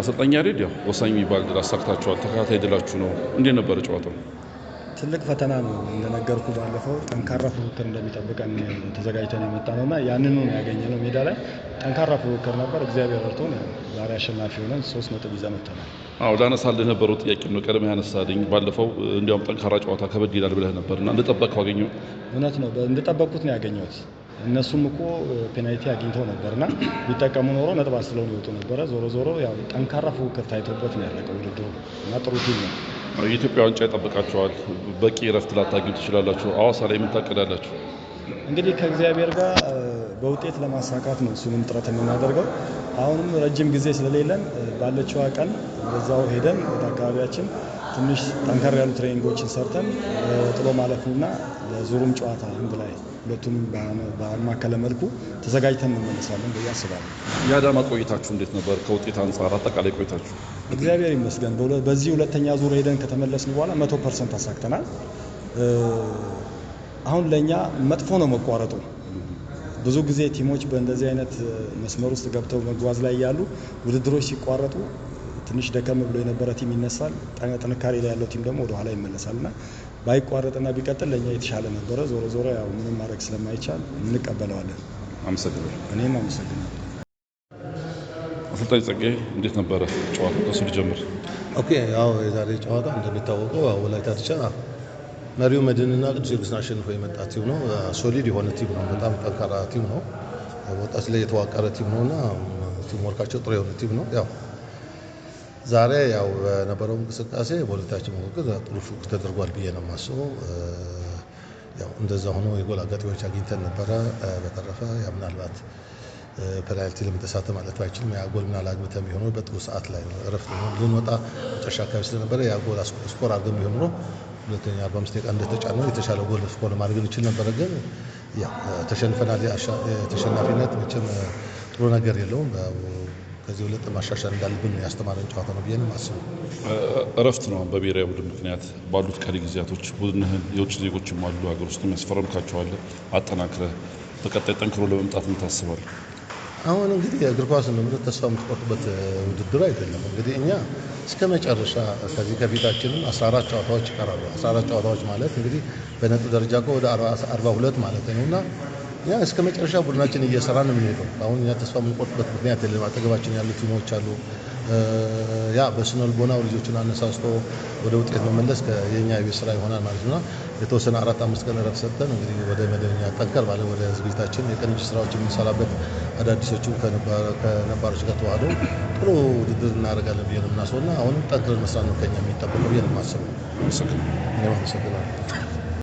አሰልጣኝ ያሬድ ያው ወሳኝ የሚባል ድል አሳክታችኋል። ተከታታይ ድላችሁ ነው። እንዴት ነበረ ጨዋታው? ትልቅ ፈተና ነው እንደነገርኩ ባለፈው ጠንካራ ፉክክር እንደሚጠብቀን ተዘጋጅተን የመጣ ነው እና ያንኑ ነው ያገኘ ነው። ሜዳ ላይ ጠንካራ ፉክክር ነበር። እግዚአብሔር ረድቶን ዛሬ አሸናፊ ሆነን ሶስት ነጥብ ይዘን መጥተናል። አዎ ላነሳልህ የነበረው ጥያቄ ነው ቀደም ያነሳልኝ። ባለፈው እንዲያውም ጠንካራ ጨዋታ ከበድ ይላል ብለህ ነበር እና እንደጠበቅከው አገኘሁ? እውነት ነው እንደጠበቅኩት ነው ያገኘሁት እነሱም እኮ ፔናልቲ አግኝተው ነበርና ቢጠቀሙ ኖሮ ነጥብ አስለው ይወጡ ነበረ። ዞሮ ዞሮ ያው ጠንካራ ፉክክር ታይቶበት ነው ያለቀው ውድድሩ እና ጥሩ ቲም ነው። የኢትዮጵያ ዋንጫ ይጠብቃቸዋል። በቂ እረፍት ላታገኙ ትችላላችሁ። አዋሳ ላይ ምን እንግዲህ ከእግዚአብሔር ጋር በውጤት ለማሳካት ነው እሱንም ጥረት የምናደርገው። አሁንም ረጅም ጊዜ ስለሌለን ባለችዋ ቀን በዛው ሄደን ወደ አካባቢያችን ትንሽ ጠንከር ያሉ ትሬኒንጎችን ሰርተን ጥሎ ማለፍና ለዙሩም ጨዋታ አንድ ላይ ሁለቱም በማከለ መልኩ ተዘጋጅተን እንመለሳለን ብዬ አስባለሁ። የአዳማ ቆይታችሁ እንዴት ነበር? ከውጤት አንጻር አጠቃላይ ቆይታችሁ? እግዚአብሔር ይመስገን በዚህ ሁለተኛ ዙር ሄደን ከተመለስን በኋላ መቶ ፐርሰንት አሳክተናል። አሁን ለእኛ መጥፎ ነው መቋረጡ። ብዙ ጊዜ ቲሞች በእንደዚህ አይነት መስመር ውስጥ ገብተው መጓዝ ላይ ያሉ ውድድሮች ሲቋረጡ ትንሽ ደከም ብሎ የነበረ ቲም ይነሳል፣ ጥንካሬ ላይ ያለው ቲም ደግሞ ወደኋላ ይመለሳል እና ባይቋረጥና ቢቀጥል ለእኛ የተሻለ ነበረ። ዞሮ ዞሮ ያው ምንም ማድረግ ስለማይቻል እንቀበለዋለን። አመሰግናለሁ። እኔም አመሰግናለሁ። አሰልጣኝ ጸጌ እንዴት ነበረ ጨዋታ? ከሱ ልጀምር። ኦኬ ያው የዛሬ ጨዋታ እንደሚታወቀው ወላይታ ድቻ መሪው መድንና ቅዱስ ጊዮርጊስን አሸንፎ የመጣ ቲም ነው። ሶሊድ የሆነ ቲም ነው። በጣም ጠንካራ ቲም ነው። ወጣት ላይ የተዋቀረ ቲም ነው እና ቲም ወርካቸው ጥሩ የሆነ ቲም ነው ያው ዛሬ ያው በነበረው እንቅስቃሴ በሁለታችን መካከል ጥሩ ፉክክር ተደርጓል ብዬ ነው የማስበው። ያው እንደዛ ሆኖ የጎል አጋጣሚዎች አግኝተን ነበረ። በተረፈ ያ ምናልባት ፔናልቲ ለመተሳተ ማለት ባይችልም ያ ጎል ምናል አግብተን ቢሆን በጥሩ ሰዓት ላይ ነው እረፍት ልንወጣ መጨረሻ አካባቢ ስለነበረ ያ ጎል ስኮር አድርገን ቢሆን ኖሮ ሁለተኛ አርባ አምስት ደቂቃ እንደተጫነው የተሻለ ጎል ስኮር ማድረግ እንችል ነበረ። ግን ያው ተሸንፈናል። ተሸናፊነት መቼም ጥሩ ነገር የለውም። ከዚህ የበለጠ ማሻሻል እንዳለብን ነው ያስተማረን ጨዋታ ነው ብዬ ነው እረፍት ነው በብሔራዊ ቡድን ምክንያት ባሉት ቀሪ ጊዜያቶች ቡድንህን የውጭ ዜጎችም አሉ ሀገር ውስጥም ያስፈረምካቸዋል አጠናክረ በቀጣይ ጠንክሮ ለመምጣት ምን አሁን እንግዲህ እግር ኳስ ምንም ተስፋ የምትቆርጥበት ውድድር አይደለም። እንግዲህ እኛ እስከ መጨረሻ ከዚህ ከፊታችንም 14 ጨዋታዎች ይቀራሉ። 14 ጨዋታዎች ማለት እንግዲህ በነጥብ ደረጃ እኮ ወደ 42 ማለት ነው እና ያ እስከ መጨረሻ ቡድናችን እየሰራ ነው የምንሄደው። አሁን እኛ ተስፋ የምንቆርጥበት ምክንያት የለም። አጠገባችን ያሉ ቲሞች አሉ። ያ በስነልቦናው ልጆችን አነሳስቶ ወደ ውጤት መመለስ የኛ የቤት ስራ ይሆናል ማለት ነው። የተወሰነ አራት አምስት ቀን ረፍት ሰጥተን እንግዲህ ወደ መደበኛ ጠንከር ባለ ወደ ዝግጅታችን የቅንጅት ስራዎች የምንሰራበት አዳዲሶችም ከነባሮች ጋር ተዋህዶ ጥሩ ውድድር እናደርጋለን ብዬ ነው የምናስበው እና አሁንም ጠንክረን መስራት ነው ከኛ የሚጠበቀው ብዬ ነው የማስበው። አመሰግናለሁ።